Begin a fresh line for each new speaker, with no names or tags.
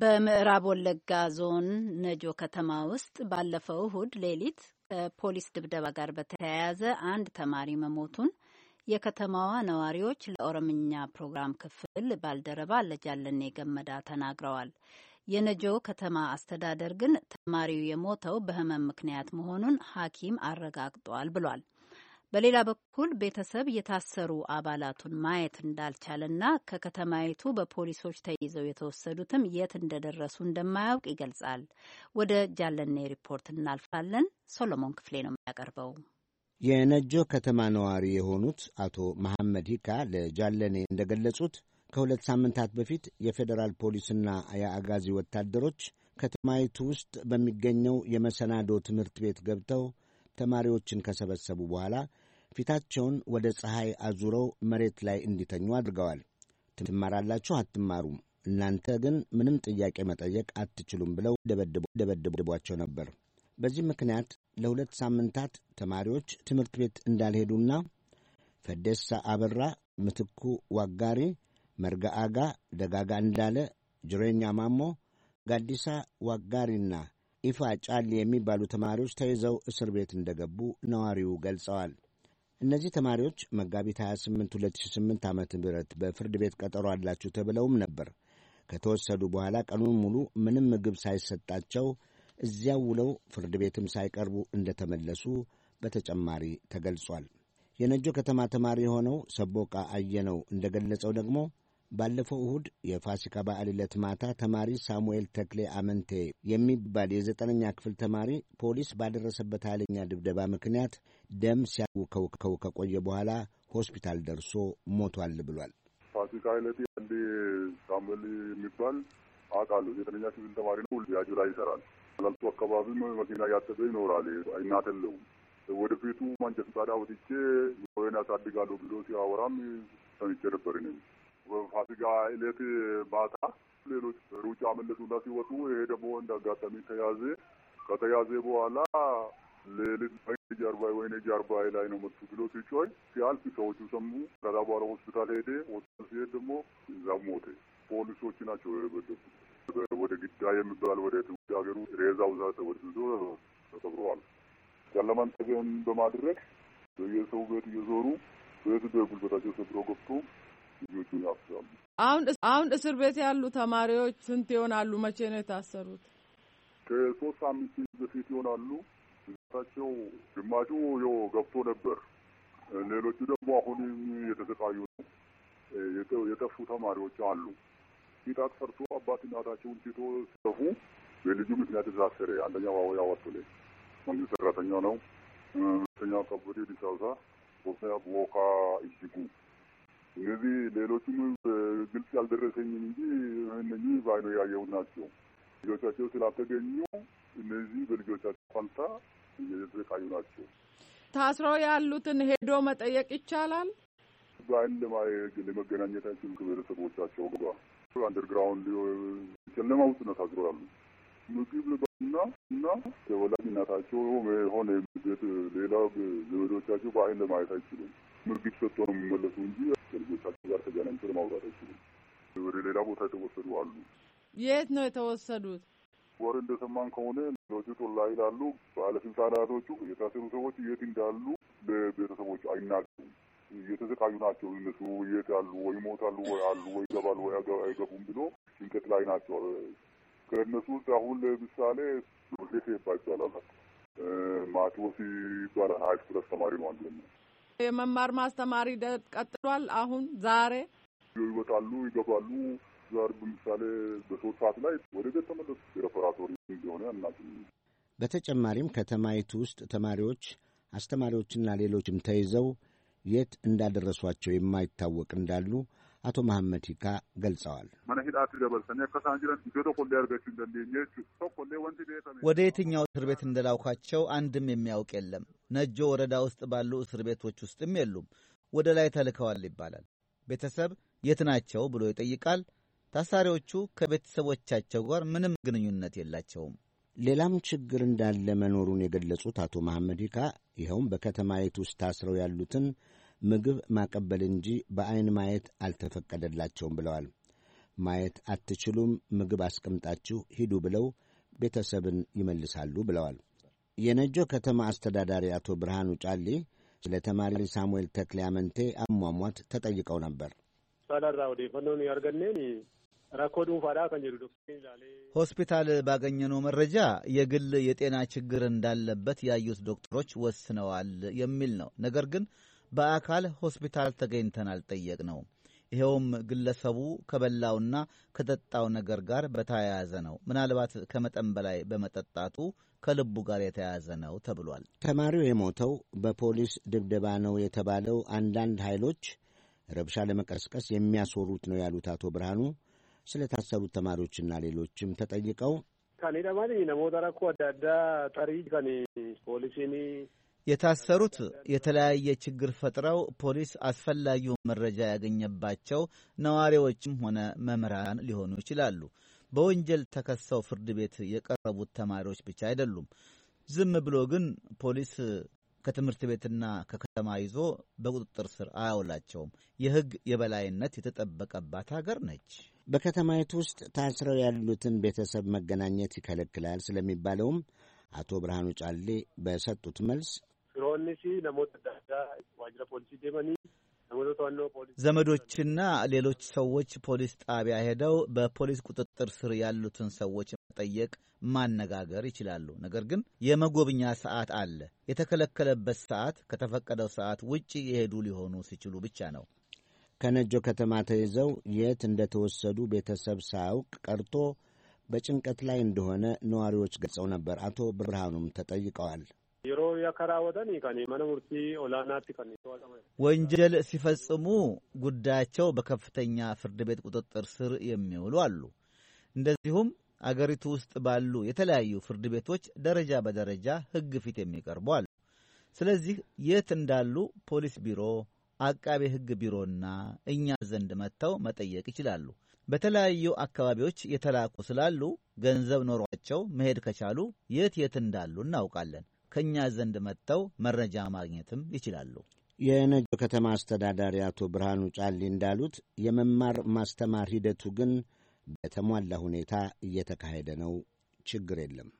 በምዕራብ
ወለጋ ዞን ነጆ ከተማ ውስጥ ባለፈው እሁድ ሌሊት ከፖሊስ ድብደባ ጋር በተያያዘ አንድ ተማሪ መሞቱን የከተማዋ ነዋሪዎች ለኦሮምኛ ፕሮግራም ክፍል ባልደረባ ለጃለኔ ገመዳ ተናግረዋል። የነጆ ከተማ አስተዳደር ግን ተማሪው የሞተው በሕመም ምክንያት መሆኑን ሐኪም አረጋግጧል ብሏል። በሌላ በኩል ቤተሰብ የታሰሩ አባላቱን ማየት እንዳልቻለና ከከተማይቱ በፖሊሶች ተይዘው የተወሰዱትም የት እንደደረሱ እንደማያውቅ ይገልጻል። ወደ ጃለኔ ሪፖርት እናልፋለን። ሶሎሞን ክፍሌ ነው የሚያቀርበው።
የነጆ ከተማ ነዋሪ የሆኑት አቶ መሐመድ ሂካ ለጃለኔ እንደገለጹት ከሁለት ሳምንታት በፊት የፌዴራል ፖሊስና የአጋዚ ወታደሮች ከተማይቱ ውስጥ በሚገኘው የመሰናዶ ትምህርት ቤት ገብተው ተማሪዎችን ከሰበሰቡ በኋላ ፊታቸውን ወደ ፀሐይ አዙረው መሬት ላይ እንዲተኙ አድርገዋል። ትማራላችሁ አትማሩም፣ እናንተ ግን ምንም ጥያቄ መጠየቅ አትችሉም ብለው ደበድቧቸው ነበር። በዚህ ምክንያት ለሁለት ሳምንታት ተማሪዎች ትምህርት ቤት እንዳልሄዱና ፈደሳ አበራ፣ ምትኩ ዋጋሪ፣ መርጋ አጋ፣ ደጋጋ እንዳለ፣ ጅሬኛ ማሞ፣ ጋዲሳ ዋጋሪና ኢፋ ጫሊ የሚባሉ ተማሪዎች ተይዘው እስር ቤት እንደገቡ ነዋሪው ገልጸዋል። እነዚህ ተማሪዎች መጋቢት 28 2008 ዓ ም በፍርድ ቤት ቀጠሮ አላችሁ ተብለውም ነበር። ከተወሰዱ በኋላ ቀኑን ሙሉ ምንም ምግብ ሳይሰጣቸው እዚያው ውለው ፍርድ ቤትም ሳይቀርቡ እንደተመለሱ በተጨማሪ ተገልጿል። የነጆ ከተማ ተማሪ የሆነው ሰቦቃ አየነው እንደገለጸው ደግሞ ባለፈው እሁድ የፋሲካ በዓል ዕለት ማታ ተማሪ ሳሙኤል ተክሌ አመንቴ የሚባል የዘጠነኛ ክፍል ተማሪ ፖሊስ ባደረሰበት ኃይለኛ ድብደባ ምክንያት ደም ሲያውከውከው ከቆየ በኋላ ሆስፒታል ደርሶ ሞቷል ብሏል።
ፋሲካ ዕለት አንድ ሳሙኤል የሚባል አውቃለሁ። ዘጠነኛ ክፍል ተማሪ ነው። ያጁ ላይ ይሰራል። ላልቱ አካባቢም መኪና እያጠበ ይኖራል። እናት ወደፊቱ ማንቸት ጣዳ ወጥቼ ወይን ያሳድጋለሁ ብሎ ሲያወራም ሰምቼ ነበር። በፋሲካ ዕለት ማታ ሌሎች ሩጫ መለሱና ሲወጡ ይሄ ደግሞ እንደ አጋጣሚ ተያዘ። ከተያዘ በኋላ ሌሊት ወይኔ ጀርባ ወይኔ ጀርባ ላይ ነው መጡ ብሎ ሲጮይ ሲያልፍ ሰዎቹ ሰሙ። ከዛ በኋላ ሆስፒታል ሄደ። ሆስፒታል ሲሄድ ደግሞ እዛ ሞተ። ፖሊሶች ናቸው የበደሱ። ወደ ግዳ የሚባል ወደ ትውልድ ሀገሩ ሬዛው ዛ ተወድዞ ተቀብረዋል። ጨለማን ተገን በማድረግ በየሰው ቤት እየዞሩ ቤት በጉልበታቸው ሰብሮ ገብቶ ልጆቹ ያፍራሉ። አሁን አሁን እስር ቤት ያሉ ተማሪዎች ስንት ይሆናሉ? መቼ ነው የታሰሩት? ከሶስት አምስት በፊት ይሆናሉ። ታቸው ግማሹ ው ገብቶ ነበር። ሌሎቹ ደግሞ አሁንም የተሰቃዩ ነው። የጠፉ ተማሪዎች አሉ። ፊጣት ፈርቶ አባት እናታቸውን ቲቶ ሲጠፉ በልጁ ምክንያት የታሰረ አንደኛው አወያ ላይ መንግስት ሰራተኛ ነው። ሁለተኛ ከበዴ ዲሳሳ፣ ሶስተኛ ቦካ እጅጉ ስለዚህ ሌሎቹም ግልጽ ያልደረሰኝም እንጂ እነኚህ በአይኑ ያየው ናቸው። ልጆቻቸው ስላልተገኙ እነዚህ በልጆቻቸው ፋንታ እየተሰቃዩ ናቸው። ታስረው ያሉትን ሄዶ መጠየቅ ይቻላል። በአይን ለማየት ለመገናኘታችን አይችሉም ከቤተሰቦቻቸው ጋር አንደርግራውንድ ጨለማ ውስጥ ነው ታስረው ያሉት። ምግብ እና እና የወላጅ እናታቸው ሆነ ቤት ሌላ ዘመዶቻቸው በአይን ለማየት አይችሉም። ምግብ ሰጥቶ ነው የሚመለሱ እንጂ ከልጆቻቸው ጋር ተገናኝተን ማውራት አይችሉም። ወደ ሌላ ቦታ የተወሰዱ አሉ። የት ነው የተወሰዱት? ወር እንደሰማን ከሆነ ሎቹ ጦላ ይላሉ። ባለስልጣናቶቹ የታሰሩ ሰዎች የት እንዳሉ ለቤተሰቦች አይናገሩም። እየተዘቃዩ ናቸው። እነሱ የት አሉ ወይ ሞታሉ ወይ አሉ ወይ ይገባሉ ወይ አይገቡም ብሎ ጭንቀት ላይ ናቸው። ከእነሱ ውስጥ አሁን ለምሳሌ ሴሴባ ይባላል ማቴዎስ ይባላል። ሀይ ስኩል አስተማሪ ነው። አንዱ የመማር ማስተማር ሂደት ቀጥሏል። አሁን ዛሬ ይወጣሉ፣ ይገባሉ። ዛሬ በምሳሌ በሶስት ሰዓት ላይ ወደ ቤት ተመለሱ። የሬፐራቶሪ እንደሆነ እናት
በተጨማሪም ከተማይቱ ውስጥ ተማሪዎች አስተማሪዎችና ሌሎችም ተይዘው የት እንዳደረሷቸው የማይታወቅ እንዳሉ አቶ መሐመድ ሂካ ገልጸዋል።
ወደ
የትኛው እስር ቤት እንደላውካቸው አንድም የሚያውቅ የለም። ነጆ ወረዳ ውስጥ ባሉ እስር ቤቶች ውስጥም የሉም። ወደ ላይ ተልከዋል ይባላል። ቤተሰብ የት ናቸው ብሎ ይጠይቃል። ታሳሪዎቹ ከቤተሰቦቻቸው ጋር ምንም ግንኙነት የላቸውም።
ሌላም ችግር እንዳለ መኖሩን የገለጹት አቶ መሐመድ ይካ ይኸውም በከተማይቱ ውስጥ ታስረው ያሉትን ምግብ ማቀበል እንጂ በዐይን ማየት አልተፈቀደላቸውም ብለዋል። ማየት አትችሉም፣ ምግብ አስቀምጣችሁ ሂዱ ብለው ቤተሰብን ይመልሳሉ ብለዋል። የነጆ ከተማ አስተዳዳሪ አቶ ብርሃኑ ጫሊ ለተማሪ ሳሙኤል ተክሌ አመንቴ አሟሟት ተጠይቀው
ነበር። ሆስፒታል ባገኘነው መረጃ የግል የጤና ችግር እንዳለበት ያዩት ዶክተሮች ወስነዋል የሚል ነው። ነገር ግን በአካል ሆስፒታል ተገኝተን አልጠየቅነውም። ይኸውም ግለሰቡ ከበላውና ከጠጣው ነገር ጋር በተያያዘ ነው። ምናልባት ከመጠን በላይ በመጠጣቱ ከልቡ ጋር የተያያዘ ነው ተብሏል።
ተማሪው የሞተው በፖሊስ ድብደባ ነው የተባለው አንዳንድ ኃይሎች ረብሻ ለመቀስቀስ የሚያስወሩት ነው ያሉት አቶ ብርሃኑ ስለ ታሰሩት ተማሪዎችና ሌሎችም
ተጠይቀው ከኔ ደማ ነሞታ ረኮ አዳዳ ጠሪ ከኔ ፖሊሲኒ የታሰሩት የተለያየ ችግር ፈጥረው ፖሊስ አስፈላጊው መረጃ ያገኘባቸው ነዋሪዎችም ሆነ መምህራን ሊሆኑ ይችላሉ። በወንጀል ተከሰው ፍርድ ቤት የቀረቡት ተማሪዎች ብቻ አይደሉም። ዝም ብሎ ግን ፖሊስ ከትምህርት ቤትና ከከተማ ይዞ በቁጥጥር ስር አያውላቸውም። የሕግ የበላይነት የተጠበቀባት ሀገር ነች።
በከተማይቱ ውስጥ ታስረው ያሉትን ቤተሰብ መገናኘት ይከለክላል ስለሚባለውም አቶ ብርሃኑ ጫሌ በሰጡት
መልስ Firoonnis ለሞት ዳዳ addaa ፖሊሲ poolisii ዘመዶችና ሌሎች ሰዎች ፖሊስ ጣቢያ ሄደው በፖሊስ ቁጥጥር ስር ያሉትን ሰዎች መጠየቅ፣ ማነጋገር ይችላሉ። ነገር ግን የመጎብኛ ሰዓት አለ። የተከለከለበት ሰዓት ከተፈቀደው ሰዓት ውጭ የሄዱ ሊሆኑ ሲችሉ ብቻ ነው።
ከነጆ ከተማ ተይዘው የት እንደተወሰዱ ቤተሰብ ሳያውቅ ቀርቶ በጭንቀት ላይ እንደሆነ ነዋሪዎች ገልጸው ነበር። አቶ ብርሃኑም ተጠይቀዋል።
ያ ከራ ወደን ኦላናት ወንጀል ሲፈጽሙ ጉዳያቸው በከፍተኛ ፍርድ ቤት ቁጥጥር ስር የሚውሉ አሉ። እንደዚሁም አገሪቱ ውስጥ ባሉ የተለያዩ ፍርድ ቤቶች ደረጃ በደረጃ ሕግ ፊት የሚቀርቡ አሉ። ስለዚህ የት እንዳሉ ፖሊስ ቢሮ፣ አቃቤ ሕግ ቢሮና እኛ ዘንድ መጥተው መጠየቅ ይችላሉ። በተለያዩ አካባቢዎች የተላኩ ስላሉ ገንዘብ ኖሯቸው መሄድ ከቻሉ የት የት እንዳሉ እናውቃለን። ከእኛ ዘንድ መጥተው መረጃ ማግኘትም ይችላሉ።
የነጆ ከተማ አስተዳዳሪ አቶ ብርሃኑ ጫሊ እንዳሉት የመማር ማስተማር ሂደቱ ግን በተሟላ ሁኔታ እየተካሄደ ነው። ችግር የለም።